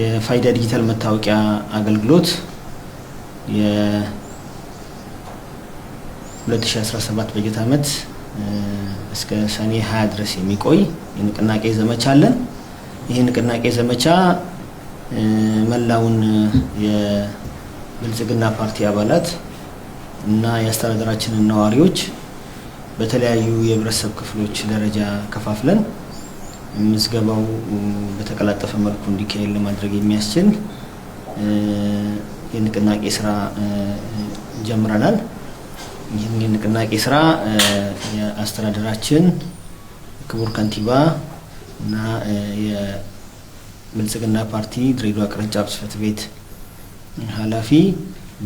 የፋይዳ ዲጂታል መታወቂያ አገልግሎት የ2017 በጀት ዓመት እስከ ሰኔ 20 ድረስ የሚቆይ የንቅናቄ ዘመቻ አለን። ይህ ንቅናቄ ዘመቻ መላውን የብልጽግና ፓርቲ አባላት እና የአስተዳደራችንን ነዋሪዎች በተለያዩ የህብረተሰብ ክፍሎች ደረጃ ከፋፍለን ምዝገባው በተቀላጠፈ መልኩ እንዲካሄድ ለማድረግ የሚያስችል የንቅናቄ ስራ ጀምረናል። ይህን የንቅናቄ ስራ የአስተዳደራችን ክቡር ከንቲባ እና የብልጽግና ፓርቲ ድሬዳዋ ቅርንጫፍ ጽፈት ቤት ኃላፊ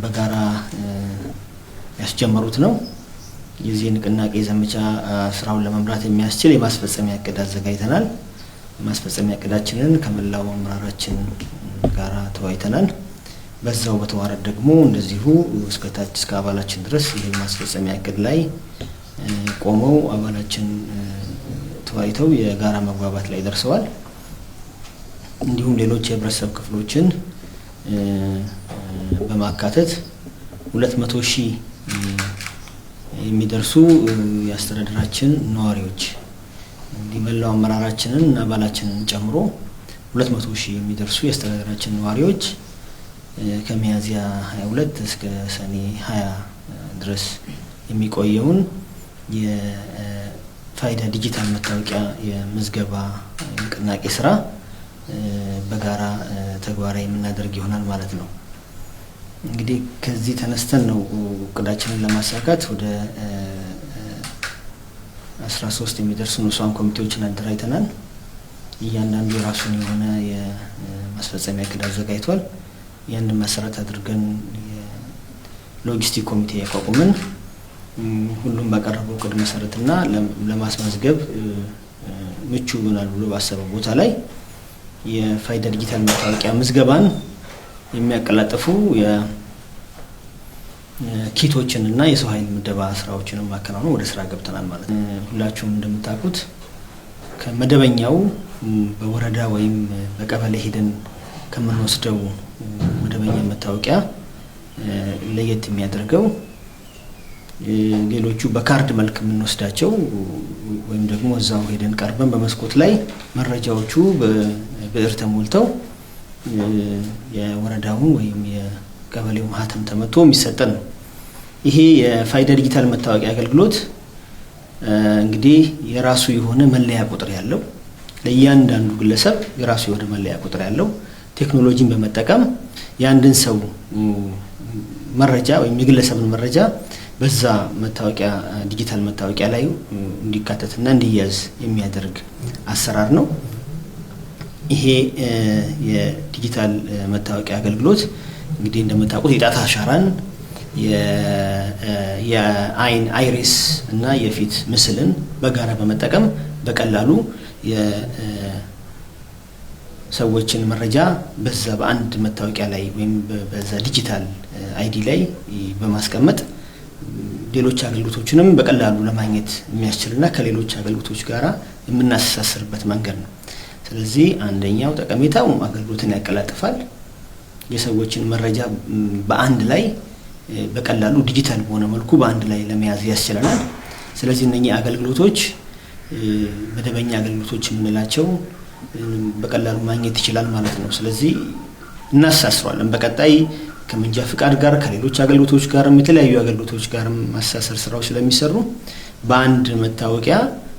በጋራ ያስጀመሩት ነው። የዚህ ንቅናቄ ዘመቻ ስራውን ለመምራት የሚያስችል የማስፈጸሚያ እቅድ አዘጋጅተናል። ማስፈጸሚያ እቅዳችንን ከመላው አመራራችን ጋራ ተወያይተናል። በዛው በተዋረድ ደግሞ እንደዚሁ እስከታች እስከ አባላችን ድረስ ይህ ማስፈጸሚያ እቅድ ላይ ቆመው አባላችን ተወያይተው የጋራ መግባባት ላይ ደርሰዋል። እንዲሁም ሌሎች የህብረተሰብ ክፍሎችን በማካተት ሁለት መቶ ሺህ የሚደርሱ የአስተዳደራችን ነዋሪዎች እንዲህ መላው አመራራችንን እና አባላችንን ጨምሮ ሁለት መቶ ሺህ የሚደርሱ የአስተዳደራችን ነዋሪዎች ከሚያዝያ 22 እስከ ሰኔ 20 ድረስ የሚቆየውን የፋይዳ ዲጂታል መታወቂያ የምዝገባ ንቅናቄ ስራ በጋራ ተግባራዊ የምናደርግ ይሆናል ማለት ነው። እንግዲህ ከዚህ ተነስተን ነው እቅዳችንን ለማሳካት ወደ አስራ ሶስት የሚደርሱ ንዑሳን ኮሚቴዎችን አደራጅተናል። እያንዳንዱ የራሱን የሆነ የማስፈጸሚያ እቅድ አዘጋጅቷል። ያንን መሰረት አድርገን የሎጂስቲክ ኮሚቴ ያቋቁመን ሁሉም ባቀረበው እቅድ መሰረትና ለማስመዝገብ ምቹ ይሆናል ብሎ ባሰበው ቦታ ላይ የፋይዳ ዲጂታል መታወቂያ ምዝገባን የሚያቀላጥፉ ኪቶችን እና የሰው ኃይል ምደባ ስራዎችን ማከናወኑ ወደ ስራ ገብተናል ማለት ነው። ሁላችሁም እንደምታውቁት ከመደበኛው በወረዳ ወይም በቀበሌ ሄደን ከምንወስደው መደበኛ መታወቂያ ለየት የሚያደርገው ሌሎቹ በካርድ መልክ የምንወስዳቸው ወይም ደግሞ እዛው ሄደን ቀርበን በመስኮት ላይ መረጃዎቹ ብዕር ተሞልተው የወረዳውን ወይም የቀበሌው ማህተም ተመቶ የሚሰጠን ነው። ይሄ የፋይዳ ዲጂታል መታወቂያ አገልግሎት እንግዲህ የራሱ የሆነ መለያ ቁጥር ያለው ለእያንዳንዱ ግለሰብ የራሱ የሆነ መለያ ቁጥር ያለው ቴክኖሎጂን በመጠቀም የአንድን ሰው መረጃ ወይም የግለሰብን መረጃ በዛ መታወቂያ ዲጂታል መታወቂያ ላይ እንዲካተትና እንዲያዝ የሚያደርግ አሰራር ነው። ይሄ የዲጂታል መታወቂያ አገልግሎት እንግዲህ እንደምታውቁት የጣት አሻራን የአይን አይሪስ እና የፊት ምስልን በጋራ በመጠቀም በቀላሉ የሰዎችን መረጃ በዛ በአንድ መታወቂያ ላይ ወይም በዛ ዲጂታል አይዲ ላይ በማስቀመጥ ሌሎች አገልግሎቶችንም በቀላሉ ለማግኘት የሚያስችልና ከሌሎች አገልግሎቶች ጋራ የምናስተሳስርበት መንገድ ነው። ስለዚህ አንደኛው ጠቀሜታው አገልግሎትን ያቀላጥፋል። የሰዎችን መረጃ በአንድ ላይ በቀላሉ ዲጂታል በሆነ መልኩ በአንድ ላይ ለመያዝ ያስችለናል። ስለዚህ እነኚህ አገልግሎቶች መደበኛ አገልግሎቶች የምንላቸው በቀላሉ ማግኘት ይችላል ማለት ነው። ስለዚህ እናሳስሯለን። በቀጣይ ከመንጃ ፍቃድ ጋር ከሌሎች አገልግሎቶች ጋርም የተለያዩ አገልግሎቶች ጋርም ማሳሰር ስራዎች ስለሚሰሩ በአንድ መታወቂያ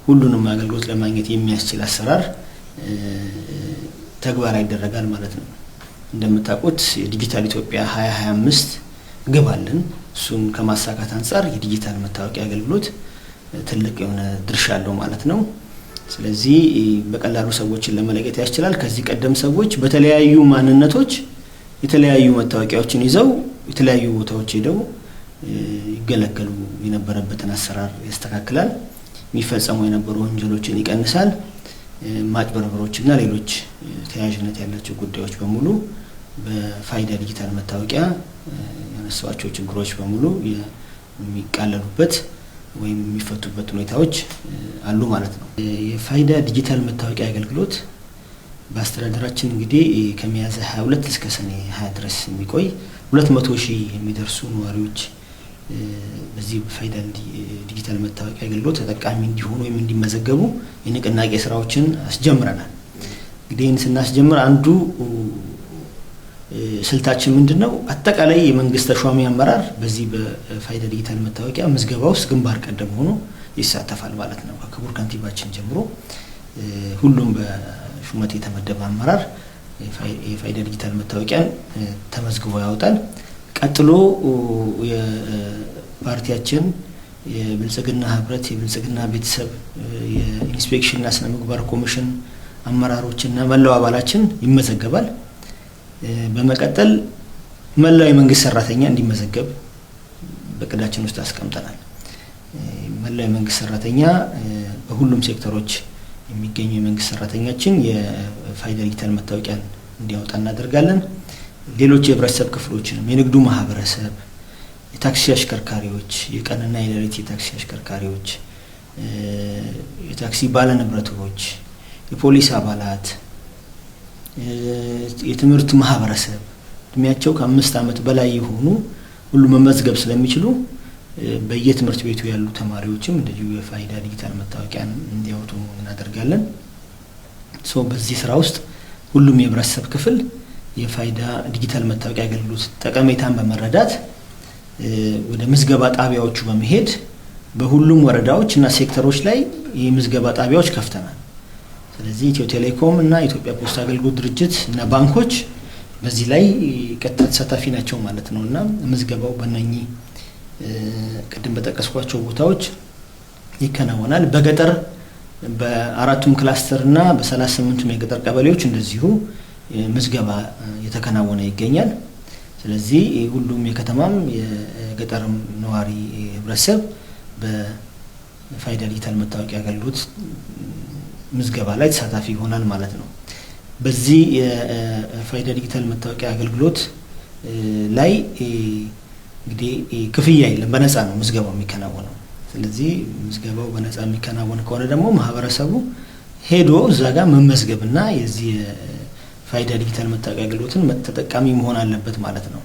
ሁሉንም አገልግሎት ለማግኘት የሚያስችል አሰራር ተግባራዊ ይደረጋል ማለት ነው። እንደምታውቁት የዲጂታል ኢትዮጵያ 2025 ግብ አለን። እሱን ከማሳካት አንጻር የዲጂታል መታወቂያ አገልግሎት ትልቅ የሆነ ድርሻ አለው ማለት ነው። ስለዚህ በቀላሉ ሰዎችን ለመለየት ያስችላል። ከዚህ ቀደም ሰዎች በተለያዩ ማንነቶች የተለያዩ መታወቂያዎችን ይዘው የተለያዩ ቦታዎች ሄደው ይገለገሉ የነበረበትን አሰራር ያስተካክላል። የሚፈጸሙ የነበሩ ወንጀሎችን ይቀንሳል። ማጭበርበሮች እና ሌሎች ተያያዥነት ያላቸው ጉዳዮች በሙሉ በፋይዳ ዲጂታል መታወቂያ ያነሳቸው ችግሮች በሙሉ የሚቃለሉበት ወይም የሚፈቱበት ሁኔታዎች አሉ ማለት ነው። የፋይዳ ዲጂታል መታወቂያ አገልግሎት በአስተዳደራችን እንግዲህ ከሚያዝያ 22 እስከ ሰኔ 20 ድረስ የሚቆይ 200 ሺህ የሚደርሱ ነዋሪዎች በዚህ ፋይዳል ዲጂታል መታወቂያ አገልግሎት ተጠቃሚ እንዲሆኑ ወይም እንዲመዘገቡ የንቅናቄ ስራዎችን አስጀምረናል። እንግዲህ ይህን ስናስጀምር አንዱ ስልታችን ምንድን ነው? አጠቃላይ የመንግስት ተሿሚ አመራር በዚህ በፋይዳ ዲጂታል መታወቂያ ምዝገባ ውስጥ ግንባር ቀደም ሆኖ ይሳተፋል ማለት ነው። ከክቡር ከንቲባችን ጀምሮ ሁሉም በሹመት የተመደበ አመራር የፋይዳ ዲጂታል መታወቂያን ተመዝግቦ ያወጣል። ቀጥሎ የፓርቲያችን የብልጽግና ህብረት የብልጽግና ቤተሰብ የኢንስፔክሽንና ስነ ምግባር ኮሚሽን አመራሮችና መላው አባላችን ይመዘገባል። በመቀጠል መላው የመንግስት ሰራተኛ እንዲመዘገብ በቅዳችን ውስጥ አስቀምጠናል። መላው የመንግስት ሰራተኛ በሁሉም ሴክተሮች የሚገኙ የመንግስት ሰራተኛችን የፋይዳ ዲጂታል መታወቂያን እንዲያወጣ እናደርጋለን። ሌሎች የህብረተሰብ ክፍሎችንም የንግዱ ማህበረሰብ፣ የታክሲ አሽከርካሪዎች፣ የቀንና የሌሊት የታክሲ አሽከርካሪዎች፣ የታክሲ ባለንብረቶች፣ የፖሊስ አባላት፣ የትምህርት ማህበረሰብ እድሜያቸው ከአምስት ዓመት በላይ የሆኑ ሁሉ መመዝገብ ስለሚችሉ በየትምህርት ቤቱ ያሉ ተማሪዎችም እንደዚሁ የፋይዳ ዲጂታል መታወቂያ እንዲያወጡ እናደርጋለን። በዚህ ስራ ውስጥ ሁሉም የህብረተሰብ ክፍል የፋይዳ ዲጂታል መታወቂያ አገልግሎት ጠቀሜታን በመረዳት ወደ ምዝገባ ጣቢያዎቹ በመሄድ በሁሉም ወረዳዎች እና ሴክተሮች ላይ የምዝገባ ጣቢያዎች ከፍተናል። ስለዚህ ኢትዮ ቴሌኮም እና ኢትዮጵያ ፖስታ አገልግሎት ድርጅት እና ባንኮች በዚህ ላይ ቀጥታ ተሳታፊ ናቸው ማለት ነው እና ምዝገባው በእነኚህ ቅድም በጠቀስኳቸው ቦታዎች ይከናወናል። በገጠር በአራቱም ክላስተር እና በሰላሳ ስምንቱም የገጠር ቀበሌዎች እንደዚሁ ምዝገባ የተከናወነ ይገኛል። ስለዚህ ሁሉም የከተማም የገጠርም ነዋሪ ህብረተሰብ በፋይዳ ዲጂታል መታወቂያ አገልግሎት ምዝገባ ላይ ተሳታፊ ይሆናል ማለት ነው። በዚህ የፋይዳ ዲጂታል መታወቂያ አገልግሎት ላይ እንግዲህ ክፍያ የለም፣ በነፃ ነው ምዝገባው የሚከናወነው። ስለዚህ ምዝገባው በነፃ የሚከናወን ከሆነ ደግሞ ማህበረሰቡ ሄዶ እዛ ጋር መመዝገብና የዚህ ፋይዳ ዲጂታል መታወቂያ አገልግሎትን ተጠቃሚ መሆን አለበት ማለት ነው።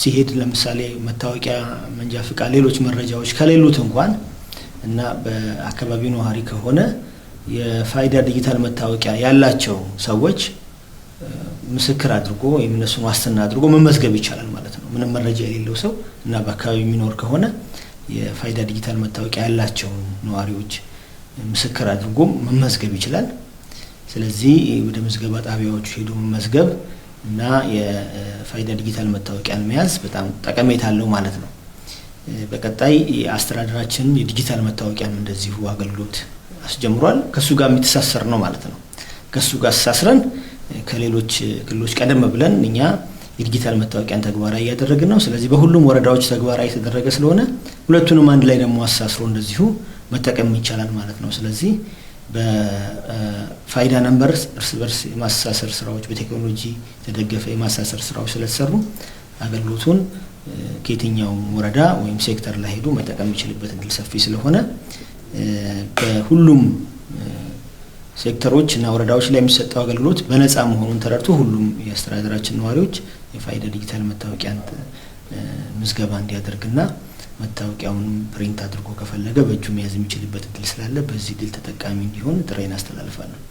ሲሄድ ለምሳሌ መታወቂያ፣ መንጃ ፍቃድ፣ ሌሎች መረጃዎች ከሌሉት እንኳን እና በአካባቢው ነዋሪ ከሆነ የፋይዳ ዲጂታል መታወቂያ ያላቸው ሰዎች ምስክር አድርጎ ወይም እነሱን ዋስትና አድርጎ መመዝገብ ይቻላል ማለት ነው። ምንም መረጃ የሌለው ሰው እና በአካባቢው የሚኖር ከሆነ የፋይዳ ዲጂታል መታወቂያ ያላቸውን ነዋሪዎች ምስክር አድርጎ መመዝገብ ይችላል። ስለዚህ ወደ ምዝገባ ጣቢያዎቹ ሄዱ መመዝገብ እና የፋይዳ ዲጂታል መታወቂያን መያዝ በጣም ጠቀሜታ አለው ማለት ነው። በቀጣይ አስተዳደራችን የዲጂታል መታወቂያን እንደዚሁ አገልግሎት አስጀምሯል። ከሱ ጋር የሚተሳሰር ነው ማለት ነው። ከሱ ጋር አስተሳስረን ከሌሎች ክልሎች ቀደም ብለን እኛ የዲጂታል መታወቂያን ተግባራዊ እያደረግን ነው። ስለዚህ በሁሉም ወረዳዎች ተግባራዊ የተደረገ ስለሆነ ሁለቱንም አንድ ላይ ደግሞ አሳስሮ እንደዚሁ መጠቀም ይቻላል ማለት ነው። ስለዚህ በፋይዳ ነንበርስ እርስ በርስ የማስተሳሰር ስራዎች በቴክኖሎጂ የተደገፈ የማስተሳሰር ስራዎች ስለተሰሩ አገልግሎቱን ከየትኛውም ወረዳ ወይም ሴክተር ላይ ሄዱ መጠቀም የሚችልበት እድል ሰፊ ስለሆነ በሁሉም ሴክተሮች እና ወረዳዎች ላይ የሚሰጠው አገልግሎት በነፃ መሆኑን ተረድቶ ሁሉም የአስተዳደራችን ነዋሪዎች የፋይዳ ዲጂታል መታወቂያ ምዝገባ እንዲያደርግና መታወቂያውን ፕሪንት አድርጎ ከፈለገ በእጁ መያዝ የሚችልበት እድል ስላለ በዚህ ድል ተጠቃሚ እንዲሆን ጥሬን አስተላልፋለሁ።